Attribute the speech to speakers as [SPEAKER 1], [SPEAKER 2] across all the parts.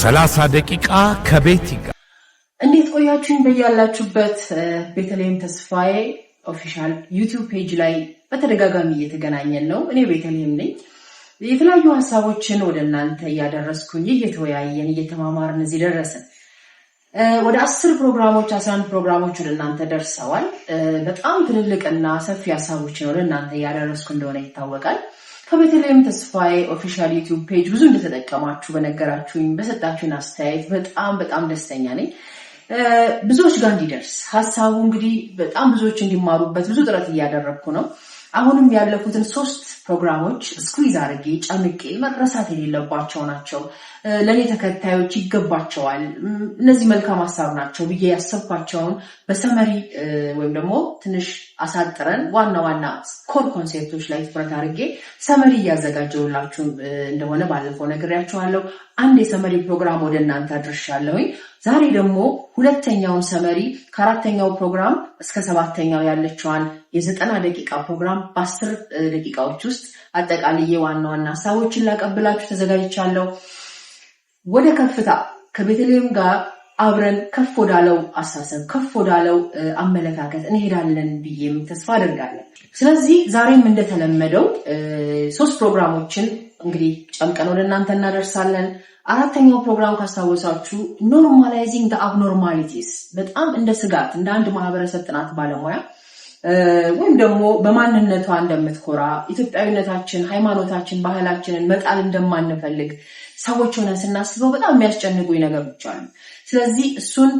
[SPEAKER 1] 30 ደቂቃ ከቤት ይጋ
[SPEAKER 2] እንዴት ቆያችሁኝ? በያላችሁበት ቤተልሔም ተስፋዬ ኦፊሻል ዩቲዩብ ፔጅ ላይ በተደጋጋሚ እየተገናኘን ነው። እኔ ቤተልሔም ነኝ። የተለያዩ ሀሳቦችን ወደ እናንተ እያደረስኩኝ እየተወያየን እየተማማርን እዚህ ደረስን። ወደ አስር ፕሮግራሞች አስራ አንድ ፕሮግራሞች ወደ እናንተ ደርሰዋል። በጣም ትልልቅና ሰፊ ሀሳቦችን ወደ እናንተ እያደረስኩ እንደሆነ ይታወቃል። ከቤተልሔም ተስፋዬ ኦፊሻል ዩቲዩብ ፔጅ ብዙ እንደተጠቀማችሁ በነገራችሁኝ በሰጣችሁን አስተያየት በጣም በጣም ደስተኛ ነኝ። ብዙዎች ጋር እንዲደርስ ሀሳቡ እንግዲህ በጣም ብዙዎች እንዲማሩበት ብዙ ጥረት እያደረግኩ ነው። አሁንም ያለፉትን ሶስት ፕሮግራሞች ስኩዝ አድርጌ ጨምቄ መረሳት የሌለባቸው ናቸው። ለእኔ ተከታዮች ይገባቸዋል፣ እነዚህ መልካም ሀሳብ ናቸው ብዬ ያሰብኳቸውን በሰመሪ ወይም ደግሞ ትንሽ አሳጥረን ዋና ዋና ኮር ኮንሴፕቶች ላይ ትኩረት አድርጌ ሰመሪ እያዘጋጀውላችሁ እንደሆነ ባለፈው ነግሬያችኋለሁ። አንድ የሰመሪ ፕሮግራም ወደ እናንተ አድርሻለሁኝ። ዛሬ ደግሞ ሁለተኛውን ሰመሪ ከአራተኛው ፕሮግራም እስከ ሰባተኛው ያለችዋን የዘጠና ደቂቃ ፕሮግራም በአስር ደቂቃዎች ውስጥ አጠቃልዬ ዋና ዋና ሀሳቦችን ላቀብላችሁ ተዘጋጅቻለሁ። ወደ ከፍታ ከቤተልሔም ጋር አብረን ከፍ ወዳለው አሳሰብ ከፍ ወዳለው አመለካከት እንሄዳለን ብዬም ተስፋ አደርጋለን። ስለዚህ ዛሬም እንደተለመደው ሶስት ፕሮግራሞችን እንግዲህ ጨምቀን ወደ እናንተ እናደርሳለን። አራተኛው ፕሮግራም ካስታወሳችሁ ኖርማላይዚንግ አብኖርማሊቲስ በጣም እንደ ስጋት እንደ አንድ ማህበረሰብ ጥናት ባለሙያ ወይም ደግሞ በማንነቷ እንደምትኮራ ኢትዮጵያዊነታችን፣ ሃይማኖታችን፣ ባህላችንን መጣል እንደማንፈልግ ሰዎች ሆነን ስናስበው በጣም የሚያስጨንቁኝ ነገሮች አሉ። ስለዚህ እሱን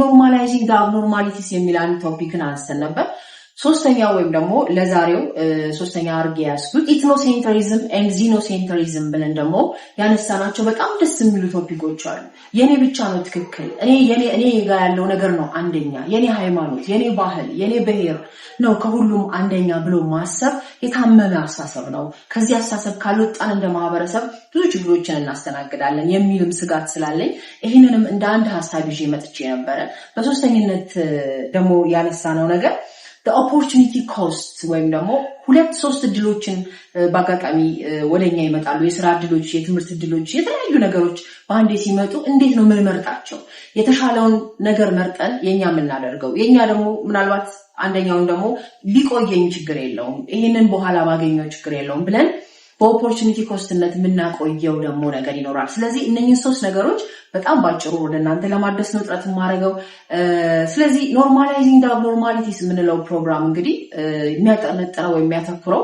[SPEAKER 2] ኖርማላይዚንግ አብኖርማሊቲስ የሚል አንድ ቶፒክን አንስተን ነበር። ሶስተኛው ወይም ደግሞ ለዛሬው ሶስተኛ አርጌ ያስኩት ኢትኖሴንትሪዝም ኤንድ ዚኖሴንትሪዝም ብለን ደግሞ ያነሳናቸው በጣም ደስ የሚሉ ቶፒኮች አሉ። የኔ ብቻ ነው ትክክል፣ እኔ ጋር ያለው ነገር ነው አንደኛ፣ የኔ ሃይማኖት፣ የኔ ባህል፣ የኔ ብሔር ነው ከሁሉም አንደኛ ብሎ ማሰብ የታመመ አስተሳሰብ ነው። ከዚህ አስተሳሰብ ካልወጣን እንደ ማህበረሰብ ብዙ ችግሮችን እናስተናግዳለን የሚልም ስጋት ስላለኝ ይህንንም እንደ አንድ ሀሳብ ይዤ መጥቼ ነበረ። በሶስተኝነት ደግሞ ያነሳነው ነገር ኦፖርቹኒቲ ኮስት ወይም ደግሞ ሁለት ሶስት እድሎችን በአጋጣሚ ወደኛ ይመጣሉ። የስራ እድሎች፣ የትምህርት እድሎች፣ የተለያዩ ነገሮች በአንዴ ሲመጡ እንዴት ነው የምንመርጣቸው? የተሻለውን ነገር መርጠን የኛ የምናደርገው የኛ ደግሞ ምናልባት አንደኛውን ደግሞ ሊቆየኝ ችግር የለውም ይህንን በኋላ ባገኘው ችግር የለውም ብለን በኦፖርቹኒቲ ኮስትነት የምናቆየው ደግሞ ነገር ይኖራል። ስለዚህ እነኝን ሶስት ነገሮች በጣም ባጭሩ ወደ እናንተ ለማድረስ ነው ጥረት የማደርገው። ስለዚህ ኖርማላይዚንግ አብኖርማሊቲስ የምንለው ፕሮግራም እንግዲህ የሚያጠነጥረው የሚያተኩረው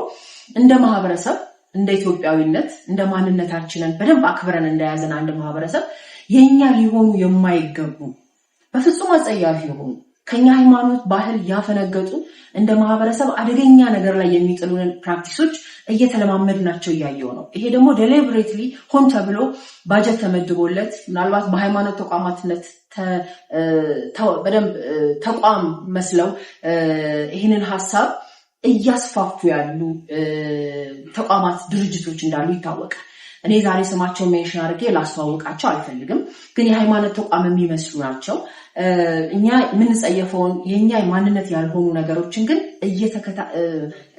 [SPEAKER 2] እንደ ማህበረሰብ እንደ ኢትዮጵያዊነት እንደ ማንነታችንን በደንብ አክብረን እንደያዘን አንድ ማህበረሰብ የእኛ ሊሆኑ የማይገቡ በፍጹም አጸያፊ የሆኑ ከኛ ሃይማኖት ባህል ያፈነገጡ እንደ ማህበረሰብ አደገኛ ነገር ላይ የሚጥሉንን ፕራክቲሶች እየተለማመድ ናቸው እያየው ነው። ይሄ ደግሞ ዴሊብሬትሊ ሆን ተብሎ ባጀት ተመድቦለት ምናልባት በሃይማኖት ተቋማትነት በደንብ ተቋም መስለው ይህንን ሀሳብ እያስፋፉ ያሉ ተቋማት፣ ድርጅቶች እንዳሉ ይታወቃል። እኔ ዛሬ ስማቸውን ሜንሽን አድርጌ ላስተዋውቃቸው አልፈልግም፣ ግን የሃይማኖት ተቋም የሚመስሉ ናቸው። እኛ የምንጸየፈውን የእኛ ማንነት ያልሆኑ ነገሮችን ግን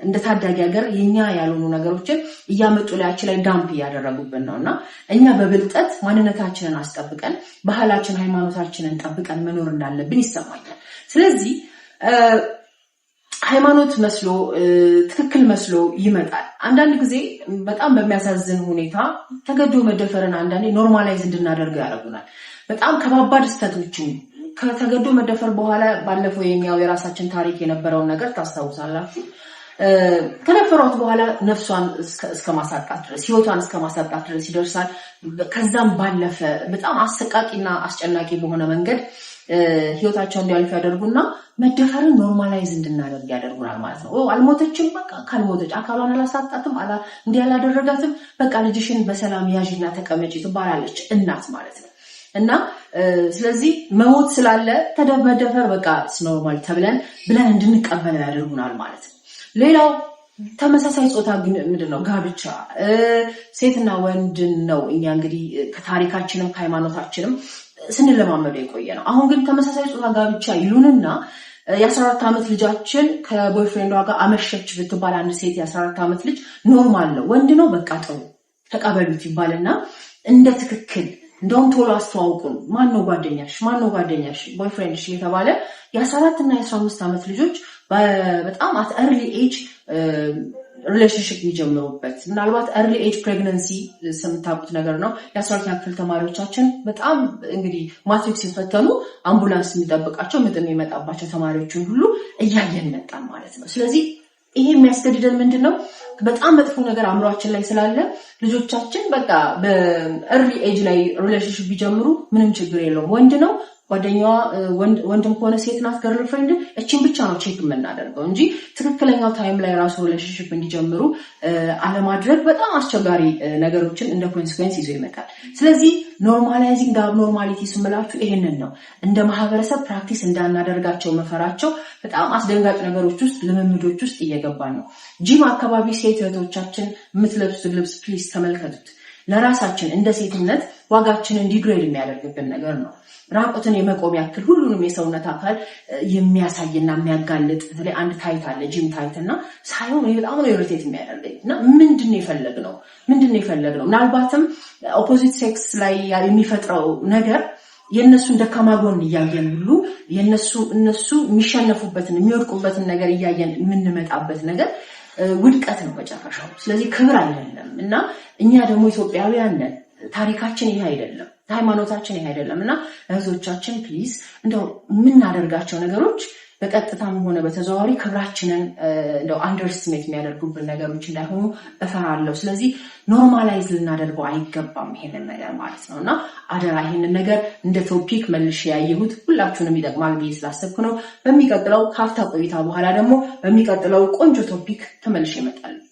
[SPEAKER 2] እንደ ታዳጊ ሀገር የኛ ያልሆኑ ነገሮችን እያመጡ ላያችን ላይ ዳምፕ እያደረጉብን ነው እና እኛ በብልጠት ማንነታችንን አስጠብቀን ባህላችን፣ ሃይማኖታችንን ጠብቀን መኖር እንዳለብን ይሰማኛል። ስለዚህ ሃይማኖት መስሎ ትክክል መስሎ ይመጣል። አንዳንድ ጊዜ በጣም በሚያሳዝን ሁኔታ ተገዶ መደፈርን አንዳንዴ ኖርማላይዝ እንድናደርገው ያደርጉናል። በጣም ከባባድ ስህተቶችን ከተገዶ መደፈር በኋላ ባለፈው የሚያው የራሳችን ታሪክ የነበረውን ነገር ታስታውሳላችሁ። ከደፈሯት በኋላ ነፍሷን እስከ ማሳጣት ድረስ ህይወቷን እስከ ማሳጣት ድረስ ይደርሳል። ከዛም ባለፈ በጣም አሰቃቂና አስጨናቂ በሆነ መንገድ ህይወታቸው እንዲያልፍ ያደርጉና መደፈርን ኖርማላይዝ እንድናደርግ ያደርጉናል ማለት ነው። አልሞተችም፣ በቃ ካልሞተች አካሏን አላሳጣትም፣ እንዲህ አላደረጋትም፣ በቃ ልጅሽን በሰላም ያዥና ተቀመጪ ትባላለች እናት ማለት ነው። እና ስለዚህ መሞት ስላለ ተደመደፈር በቃ ስኖርማል ተብለን ብለን እንድንቀበለው ያደርጉናል ማለት ነው። ሌላው ተመሳሳይ ፆታ ምንድን ነው ጋብቻ ሴትና ወንድን ነው። እኛ እንግዲህ ከታሪካችንም ከሃይማኖታችንም ስንለማመዱ የቆየ ነው። አሁን ግን ተመሳሳይ ጾታ ጋብቻ ይሉንና የአስራ አራት ዓመት ልጃችን ከቦይፍሬንዷ ጋር አመሸች ብትባል አንድ ሴት የአስራ አራት ዓመት ልጅ ኖርማል ነው፣ ወንድ ነው፣ በቃ ጥሩ ተቀበሉት ይባልና እንደ ትክክል እንደውም ቶሎ አስተዋውቁን፣ ማን ነው ጓደኛሽ፣ ማን ነው ጓደኛሽ፣ ቦይፍሬንድሽ እየተባለ የአስራ አራት እና የአስራ አምስት ዓመት ልጆች በጣም አት ኤርሊ ኤጅ ሪሌሽንሽፕ የሚጀምሩበት ምናልባት ርሊ ኤጅ ፕሬግነንሲ ስምታቁት ነገር ነው። የአስራ ክፍል ተማሪዎቻችን በጣም እንግዲህ ማትሪክስ ሲፈተኑ አምቡላንስ የሚጠብቃቸው ምጥም የመጣባቸው ተማሪዎችን ሁሉ እያየን መጣን ማለት ነው። ስለዚህ ይሄ የሚያስገድደን ምንድን ነው? በጣም መጥፎ ነገር አእምሯችን ላይ ስላለ ልጆቻችን በቃ በእርሊ ኤጅ ላይ ሪሌሽንሽፕ ቢጀምሩ ምንም ችግር የለውም። ወንድ ነው ጓደኛዋ ወንድም ከሆነ ሴት ናት ገርል ፍሬንድ፣ እችን ብቻ ነው ቼክ የምናደርገው እንጂ ትክክለኛው ታይም ላይ ራሱ ሪሌሽንሽፕ እንዲጀምሩ አለማድረግ በጣም አስቸጋሪ ነገሮችን እንደ ኮንስኩዌንስ ይዞ ይመጣል። ስለዚህ ኖርማላይዚንግ አብኖርማሊቲ ስምላችሁ ይሄንን ነው። እንደ ማህበረሰብ ፕራክቲስ እንዳናደርጋቸው መፈራቸው በጣም አስደንጋጭ ነገሮች ውስጥ ልምምዶች ውስጥ እየገባን ነው። ጂም አካባቢ ሴት እህቶቻችን የምትለብሱት ልብስ ፕሊዝ ተመልከቱት። ለራሳችን እንደ ሴትነት ዋጋችን እንዲግሬድ የሚያደርግብን ነገር ነው። ራቁትን የመቆም ያክል ሁሉንም የሰውነት አካል የሚያሳይና የሚያጋልጥ በተለይ አንድ ታይት አለ ጂም ታይት እና ሳይሆን በጣም ነው ኢሪቴት የሚያደርገኝ እና ምንድን ነው የፈለግነው? ምንድን ነው ምናልባትም ኦፖዚት ሴክስ ላይ የሚፈጥረው ነገር የእነሱን ደካማ ጎን እያየን ሁሉ የነሱ እነሱ የሚሸነፉበትን የሚወድቁበትን ነገር እያየን የምንመጣበት ነገር ውድቀት ነው መጨረሻው። ስለዚህ ክብር አይደለም እና እኛ ደግሞ ኢትዮጵያውያን ነን ታሪካችን ይሄ አይደለም፣ ሃይማኖታችን ይሄ አይደለም እና እህቶቻችን ፕሊዝ እንደው የምናደርጋቸው ነገሮች በቀጥታም ሆነ በተዘዋዋሪ ክብራችንን እንደው አንደርስሜት የሚያደርጉብን ነገሮች እንዳይሆኑ እፈራለሁ። ስለዚህ ኖርማላይዝ ልናደርገው አይገባም ይሄንን ነገር ማለት ነው እና አደራ ይሄንን ነገር እንደ ቶፒክ መልሼ ያየሁት ሁላችሁንም ይጠቅማል ብዬ ስላሰብኩ ነው። በሚቀጥለው ከአፍታ ቆይታ በኋላ ደግሞ በሚቀጥለው ቆንጆ ቶፒክ ተመልሼ እመጣለሁ።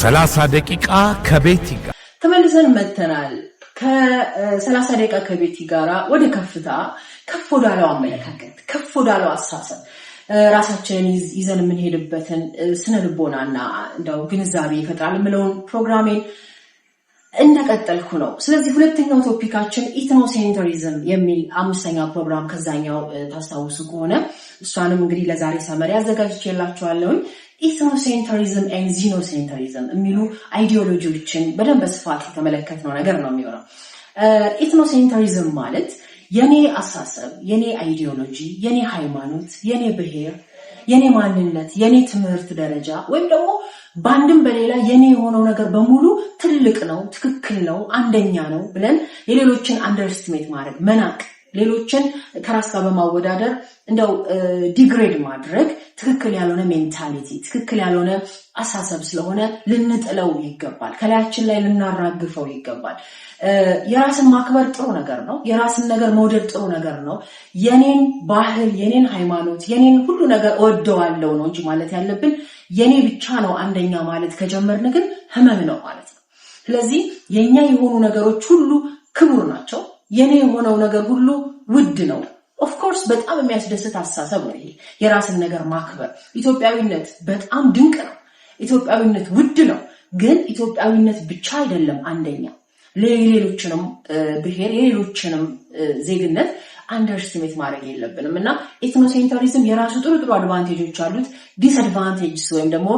[SPEAKER 1] ሰላሳ ደቂቃ ከቤቲ ጋር
[SPEAKER 2] ተመልሰን መተናል። ከሰላሳ ደቂቃ ከቤቲ ጋራ ወደ ከፍታ ከፍ ወዳለው አመለካከት ከፍ ወዳለው አሳሰብ ራሳችንን ይዘን የምንሄድበትን ስነ ልቦናና እንደው ግንዛቤ ይፈጥራል የምለውን ፕሮግራሜን እንደቀጠልኩ ነው። ስለዚህ ሁለተኛው ቶፒካችን ኢትኖሴንተሪዝም የሚል አምስተኛ ፕሮግራም ከዛኛው ታስታውሱ ከሆነ እሷንም እንግዲህ ለዛሬ ሰመሪ አዘጋጅቼላችኋለሁኝ። ኢትኖሴንተሪዝም ኤንድ ዚኖሴንተሪዝም የሚሉ አይዲዮሎጂዎችን በደንብ በስፋት የተመለከትነው ነገር ነው የሚሆነው። ኢትኖሴንተሪዝም ማለት የኔ አሳሰብ፣ የኔ አይዲዮሎጂ፣ የኔ ሃይማኖት፣ የኔ ብሔር፣ የኔ ማንነት፣ የኔ ትምህርት ደረጃ ወይም ደግሞ በአንድም በሌላ የኔ የሆነው ነገር በሙሉ ትልቅ ነው፣ ትክክል ነው፣ አንደኛ ነው ብለን የሌሎችን አንደርስቲሜት ማድረግ መናቅ ሌሎችን ከራስ ጋር በማወዳደር እንደው ዲግሬድ ማድረግ ትክክል ያልሆነ ሜንታሊቲ፣ ትክክል ያልሆነ አሳሰብ ስለሆነ ልንጥለው ይገባል። ከላያችን ላይ ልናራግፈው ይገባል። የራስን ማክበር ጥሩ ነገር ነው። የራስን ነገር መውደድ ጥሩ ነገር ነው። የኔን ባህል፣ የኔን ሃይማኖት፣ የኔን ሁሉ ነገር እወደዋለው ነው እንጂ ማለት ያለብን የኔ ብቻ ነው አንደኛ ማለት ከጀመርን ግን ህመም ነው ማለት ነው። ስለዚህ የእኛ የሆኑ ነገሮች ሁሉ ክቡር ናቸው። የኔ የሆነው ነገር ሁሉ ውድ ነው። ኦፍኮርስ በጣም የሚያስደስት አስተሳሰብ ነው ይሄ የራስን ነገር ማክበር። ኢትዮጵያዊነት በጣም ድንቅ ነው። ኢትዮጵያዊነት ውድ ነው። ግን ኢትዮጵያዊነት ብቻ አይደለም። አንደኛ የሌሎችንም ብሔር የሌሎችንም ዜግነት አንደርስቲሜት ማድረግ የለብንም እና ኤትኖሴንተሪዝም የራሱ ጥሩ ጥሩ አድቫንቴጆች አሉት፣ ዲስአድቫንቴጅስ ወይም ደግሞ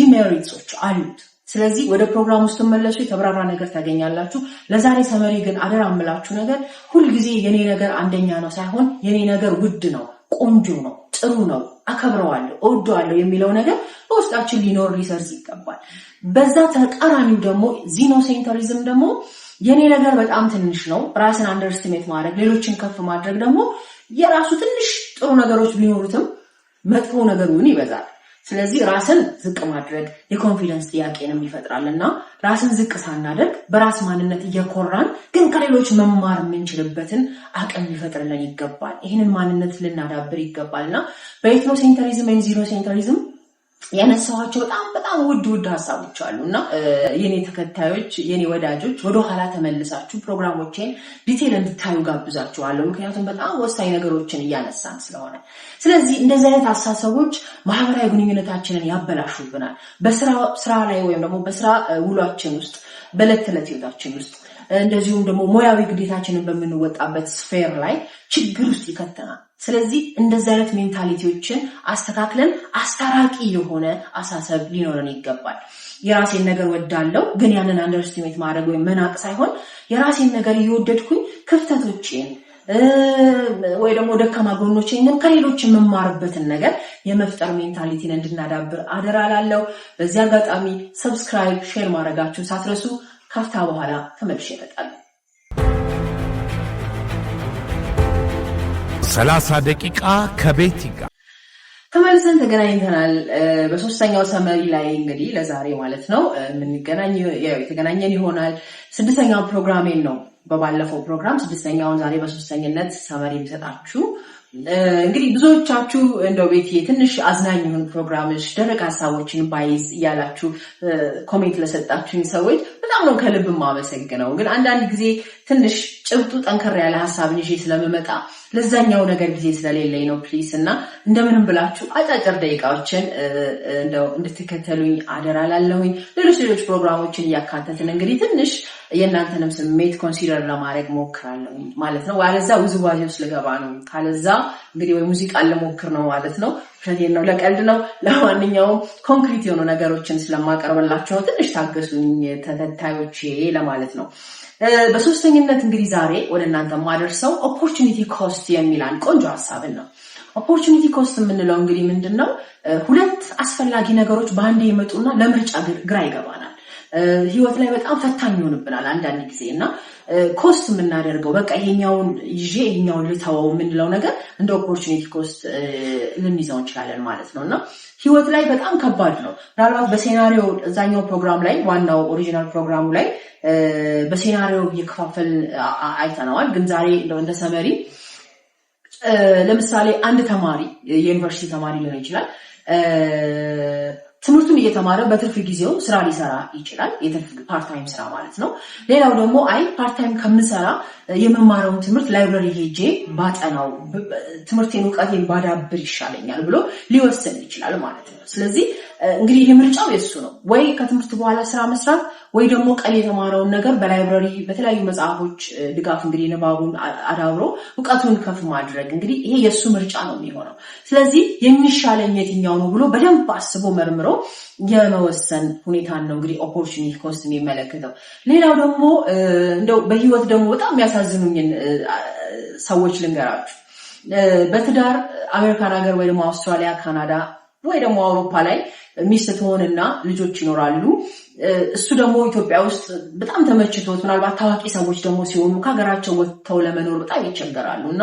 [SPEAKER 2] ዲሜሪትሶች አሉት። ስለዚህ ወደ ውስጥ መለሱ የተብራራ ነገር ታገኛላችሁ። ለዛሬ ሰመሪ ግን አደራ የምላችሁ ነገር ሁልጊዜ የኔ ነገር አንደኛ ነው ሳይሆን የኔ ነገር ውድ ነው፣ ቆንጆ ነው፣ ጥሩ ነው፣ አከብረዋለሁ፣ እወደዋለሁ የሚለው ነገር በውስጣችን ሊኖር ሊሰርጽ ይገባል። በዛ ተቃራኒው ደግሞ ዚኖ ሴንተሪዝም ደግሞ የኔ ነገር በጣም ትንሽ ነው፣ ራስን አንደርስቲሜት ማድረግ፣ ሌሎችን ከፍ ማድረግ ደግሞ የራሱ ትንሽ ጥሩ ነገሮች ቢኖሩትም መጥፎ ነገሩን ይበዛል። ስለዚህ ራስን ዝቅ ማድረግ የኮንፊደንስ ጥያቄንም ይፈጥራል እና ራስን ዝቅ ሳናደርግ በራስ ማንነት እየኮራን ግን ከሌሎች መማር የምንችልበትን አቅም ሊፈጥርልን ይገባል። ይህንን ማንነት ልናዳብር ይገባል እና በኤትኖ ሴንተሪዝም ወይም ዚሮ ሴንተሪዝም ያነሳኋቸው በጣም በጣም ውድ ውድ ሀሳቦች አሉ እና የኔ ተከታዮች የኔ ወዳጆች ወደኋላ ተመልሳችሁ ፕሮግራሞቼን ዲቴል እንድታዩ ጋብዛችኋለሁ። ምክንያቱም በጣም ወሳኝ ነገሮችን እያነሳን ስለሆነ፣ ስለዚህ እንደዚህ አይነት አሳሰቦች ማህበራዊ ግንኙነታችንን ያበላሹብናል። በስራ ላይ ወይም ደግሞ በስራ ውሏችን ውስጥ በእለት ተዕለት ህይወታችን ውስጥ እንደዚሁም ደግሞ ሙያዊ ግዴታችንን በምንወጣበት ስፌር ላይ ችግር ውስጥ ይከተናል። ስለዚህ እንደዚህ አይነት ሜንታሊቲዎችን አስተካክለን አስታራቂ የሆነ አሳሰብ ሊኖረን ይገባል። የራሴን ነገር ወዳለው ግን ያንን አንደርስቲሜት ማድረግ ወይም መናቅ ሳይሆን የራሴን ነገር እየወደድኩኝ ክፍተቶችን ወይ ደግሞ ደካማ ጎኖችን ከሌሎች የምማርበትን ነገር የመፍጠር ሜንታሊቲን እንድናዳብር አደራ ላለው። በዚህ አጋጣሚ ሰብስክራይብ፣ ሼር ማድረጋችሁን ሳትረሱ ካፍታ በኋላ ተመልሼ እመጣለሁ። ሰላሳ ደቂቃ ከቤት ጋር ተመልሰን ተገናኝተናል። በሶስተኛው ሰመሪ ላይ እንግዲህ ለዛሬ ማለት ነው የተገናኘን ይሆናል። ስድስተኛው ፕሮግራሜን ነው። በባለፈው ፕሮግራም ስድስተኛውን ዛሬ በሶስተኝነት ሰመሪ የሚሰጣችሁ እንግዲህ ብዙዎቻችሁ እንደው ቤት ትንሽ አዝናኝ ይሁን ፕሮግራምሽ ደረቅ ሀሳቦችን ባይዝ እያላችሁ ኮሜንት ለሰጣችሁኝ ሰዎች በጣም ነው ከልብ ማመሰግነው። ግን አንዳንድ ጊዜ ትንሽ ጭብጡ ጠንከር ያለ ሀሳብን ይዤ ስለምመጣ ለዛኛው ነገር ጊዜ ስለሌለኝ ነው። ፕሊስ እና እንደምንም ብላችሁ አጫጭር ደቂቃዎችን እንደው እንድትከተሉኝ አደራ ላለሁኝ። ሌሎች ሌሎች ፕሮግራሞችን እያካተትን እንግዲህ ትንሽ የእናንተንም ስሜት ኮንሲደር ለማድረግ ሞክራለሁ ማለት ነው። አለዛ ውዝዋዜ ውስጥ ልገባ ነው። ካለዛ እንግዲህ ወይ ሙዚቃን ልሞክር ነው ማለት ነው። ውሸቴን ነው፣ ለቀልድ ነው። ለማንኛውም ኮንክሪት የሆኑ ነገሮችን ስለማቀርብላቸው ትንሽ ታገሱኝ ተከታዮቼ ለማለት ነው። በሶስተኝነት እንግዲህ ዛሬ ወደ እናንተ ማደርሰው ኦፖርቹኒቲ ኮስት የሚል ቆንጆ ሀሳብን ነው። ኦፖርቹኒቲ ኮስት የምንለው እንግዲህ ምንድን ነው? ሁለት አስፈላጊ ነገሮች በአንድ የመጡና ለምርጫ ግራ ይገባናል። ህይወት ላይ በጣም ፈታኝ ይሆንብናል አንዳንድ ጊዜ እና ኮስት የምናደርገው በቃ ይሄኛውን ይዤ ይሄኛውን ልተወው የምንለው ነገር እንደ ኦፖርቹኒቲ ኮስት ልንይዘው እንችላለን ማለት ነው እና ህይወት ላይ በጣም ከባድ ነው። ምናልባት በሴናሪዮ እዛኛው ፕሮግራም ላይ ዋናው ኦሪጂናል ፕሮግራሙ ላይ በሴናሪዮ እየከፋፈል አይተነዋል። ግን ዛሬ እንደ ሰመሪ ለምሳሌ አንድ ተማሪ የዩኒቨርሲቲ ተማሪ ሊሆን ይችላል ትምህርቱን እየተማረ በትርፍ ጊዜው ስራ ሊሰራ ይችላል። የትርፍ ፓርታይም ስራ ማለት ነው። ሌላው ደግሞ አይ ፓርታይም ከምሰራ የመማረውን ትምህርት ላይብረሪ ሄጄ ባጠናው ትምህርቴን እውቀቴን ባዳብር ይሻለኛል ብሎ ሊወሰን ይችላል ማለት ነው። ስለዚህ እንግዲህ ይሄ ምርጫው የሱ ነው። ወይ ከትምህርት በኋላ ስራ መስራት ወይ ደግሞ ቀል የተማረውን ነገር በላይብራሪ በተለያዩ መጽሐፎች ድጋፍ እንግዲህ ንባቡን አዳብሮ እውቀቱን ከፍ ማድረግ እንግዲህ ይሄ የእሱ ምርጫ ነው የሚሆነው። ስለዚህ የሚሻለኝ የትኛው ነው ብሎ በደንብ አስቦ መርምሮ የመወሰን ሁኔታን ነው እንግዲህ ኦፖርቹኒቲ ኮስት የሚመለከተው። ሌላው ደግሞ እንደው በህይወት ደግሞ በጣም የሚያሳዝኑኝን ሰዎች ልንገራችሁ። በትዳር አሜሪካን ሀገር ወይ ደግሞ አውስትራሊያ፣ ካናዳ ወይ ደግሞ አውሮፓ ላይ ሚስት ትሆንና ልጆች ይኖራሉ። እሱ ደግሞ ኢትዮጵያ ውስጥ በጣም ተመችቶት ምናልባት ታዋቂ ሰዎች ደግሞ ሲሆኑ ከሀገራቸው ወጥተው ለመኖር በጣም ይቸገራሉ እና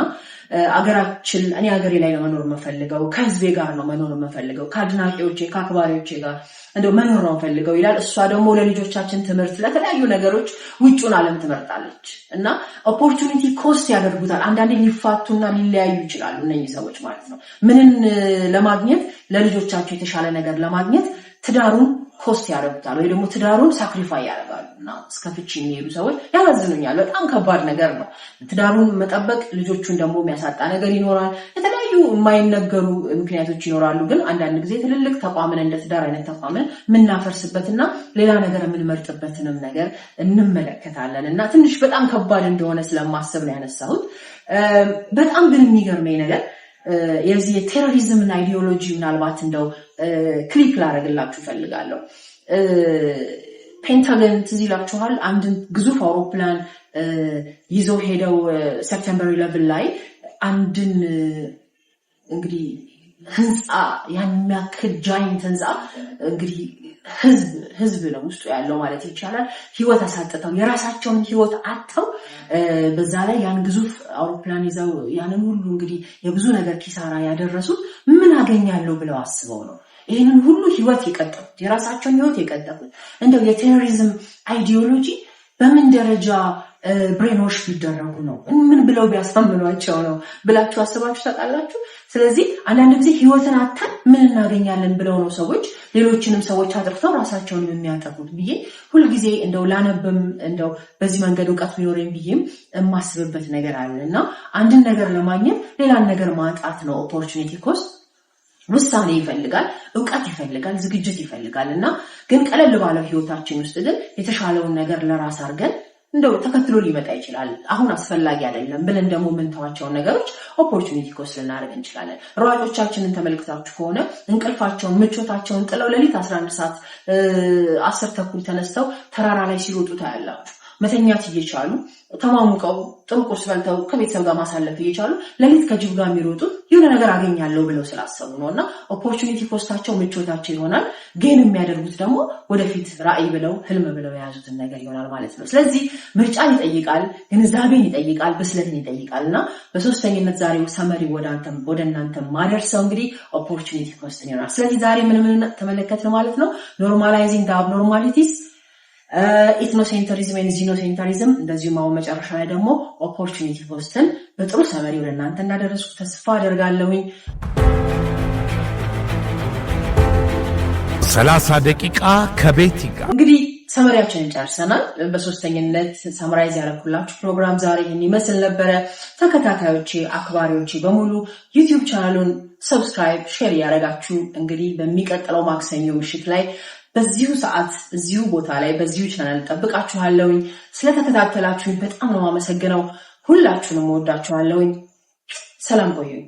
[SPEAKER 2] አገራችን እኔ ሀገሬ ላይ ነው መኖር የምፈልገው፣ ከህዝቤ ጋር ነው መኖር የምፈልገው፣ ከአድናቂዎቼ ከአክባሪዎቼ ጋር እንደው መኖር ነው የምፈልገው ይላል። እሷ ደግሞ ለልጆቻችን ትምህርት፣ ለተለያዩ ነገሮች ውጩን ዓለም ትመርጣለች እና ኦፖርቹኒቲ ኮስት ያደርጉታል። አንዳንዴ ሊፋቱና ሊለያዩ ይችላሉ እነኚህ ሰዎች ማለት ነው ምንን ለማግኘት ለልጆቻቸው የተሻለ ነገር ለማግኘት ትዳሩን ኮስት ያደርጉታል ወይ ደግሞ ትዳሩን ሳክሪፋይ ያደርጋሉ እና እስከ ፍቺ የሚሄዱ ሰዎች ያላዝኑኛል። በጣም ከባድ ነገር ነው። ትዳሩን መጠበቅ ልጆቹን ደግሞ የሚያሳጣ ነገር ይኖራል። የተለያዩ የማይነገሩ ምክንያቶች ይኖራሉ። ግን አንዳንድ ጊዜ ትልልቅ ተቋምን እንደ ትዳር አይነት ተቋምን የምናፈርስበት እና ሌላ ነገር የምንመርጥበትንም ነገር እንመለከታለን እና ትንሽ በጣም ከባድ እንደሆነ ስለማሰብ ነው ያነሳሁት። በጣም ግን የሚገርመኝ ነገር የዚህ የቴሮሪዝምን አይዲዮሎጂ ምናልባት እንደው ክሊክ ላደረግላችሁ ይፈልጋለሁ። ፔንታገን ትዝ ይላችኋል፣ አንድን ግዙፍ አውሮፕላን ይዘው ሄደው ሰፕተምበር ኢለቭን ላይ አንድን እንግዲህ ህንፃ ያን ጃይንት ህንፃ እንግዲህ ህዝብ ህዝብ ነው ውስጡ ያለው ማለት ይቻላል። ህይወት አሳጥተው የራሳቸውን ህይወት አጥተው በዛ ላይ ያን ግዙፍ አውሮፕላን ይዘው ያንን ሁሉ እንግዲህ የብዙ ነገር ኪሳራ ያደረሱት ምን አገኛለሁ ብለው አስበው ነው ይህንን ሁሉ ህይወት የቀጠፉት የራሳቸውን ህይወት የቀጠፉት እንደው የቴሮሪዝም አይዲዮሎጂ በምን ደረጃ ብሬኖች ቢደረጉ ነው። ምን ብለው ቢያሳምኗቸው ነው ብላችሁ አስባችሁ ታውቃላችሁ? ስለዚህ አንዳንድ ጊዜ ህይወትን አተን ምን እናገኛለን ብለው ነው ሰዎች ሌሎችንም ሰዎች አጥርተው ራሳቸውን የሚያጠቁት ብዬ ሁልጊዜ እንደው ላነብም እንደው በዚህ መንገድ እውቀት ቢኖረኝ ብዬም የማስብበት ነገር አለ እና አንድን ነገር ለማግኘት ሌላን ነገር ማጣት ነው ኦፖርቹኒቲ ኮስት ውሳኔ ይፈልጋል፣ እውቀት ይፈልጋል፣ ዝግጅት ይፈልጋል እና ግን ቀለል ባለው ህይወታችን ውስጥ ግን የተሻለውን ነገር ለራስ አድርገን እንደው ተከትሎ ሊመጣ ይችላል፣ አሁን አስፈላጊ አይደለም ብለን ደግሞ ምንተዋቸውን ነገሮች ኦፖርቹኒቲ ኮስ ልናደርግ እንችላለን። ሯጮቻችንን ተመልክታችሁ ከሆነ እንቅልፋቸውን፣ ምቾታቸውን ጥለው ሌሊት 11 ሰዓት አስር ተኩል ተነስተው ተራራ ላይ ሲሮጡ ታያላችሁ። መተኛት እየቻሉ ተማሙቀው ጥሩ ቁርስ በልተው ከቤተሰብ ጋር ማሳለፍ እየቻሉ ሌሊት ከጅብ ጋር የሚሮጡ የሆነ ነገር አገኛለሁ ብለው ስላሰቡ ነው እና ኦፖርቹኒቲ ኮስታቸው ምቾታቸው ይሆናል። ጌን የሚያደርጉት ደግሞ ወደፊት ራዕይ ብለው ህልም ብለው የያዙትን ነገር ይሆናል ማለት ነው። ስለዚህ ምርጫን ይጠይቃል፣ ግንዛቤን ይጠይቃል፣ ብስለትን ይጠይቃል እና በሶስተኝነት ዛሬው ሰመሪ ወደ እናንተ ማደርሰው እንግዲህ ኦፖርቹኒቲ ኮስትን ይሆናል። ስለዚህ ዛሬ ምን ምን ተመለከትን ማለት ነው ኖርማላይዚንግ አብኖርማሊቲስ ኢትኖሴንተሪዝም ወይም ዚኖሴንተሪዝም እንደዚሁ አሁን መጨረሻ ላይ ደግሞ ኦፖርቹኒቲ ፖስትን በጥሩ ሰመሪ ወደ እናንተ እንዳደረስኩ ተስፋ አደርጋለሁኝ። ሰላሳ ደቂቃ ከቤት ጋር እንግዲህ ሰመሪያችንን ጨርሰናል። በሶስተኝነት ሰምራይዝ ያደረኩላችሁ ፕሮግራም ዛሬ ይህን ይመስል ነበረ። ተከታታዮቼ፣ አክባሪዎቼ በሙሉ ዩቲዩብ ቻናሉን ሰብስክራይብ፣ ሼር እያደረጋችሁ እንግዲህ በሚቀጥለው ማክሰኞ ምሽት ላይ በዚሁ ሰዓት እዚሁ ቦታ ላይ በዚሁ ቻናል ጠብቃችኋለሁኝ። ስለተከታተላችሁኝ በጣም ነው አመሰግነው። ሁላችሁንም ወዳችኋለሁኝ። ሰላም ቆዩኝ።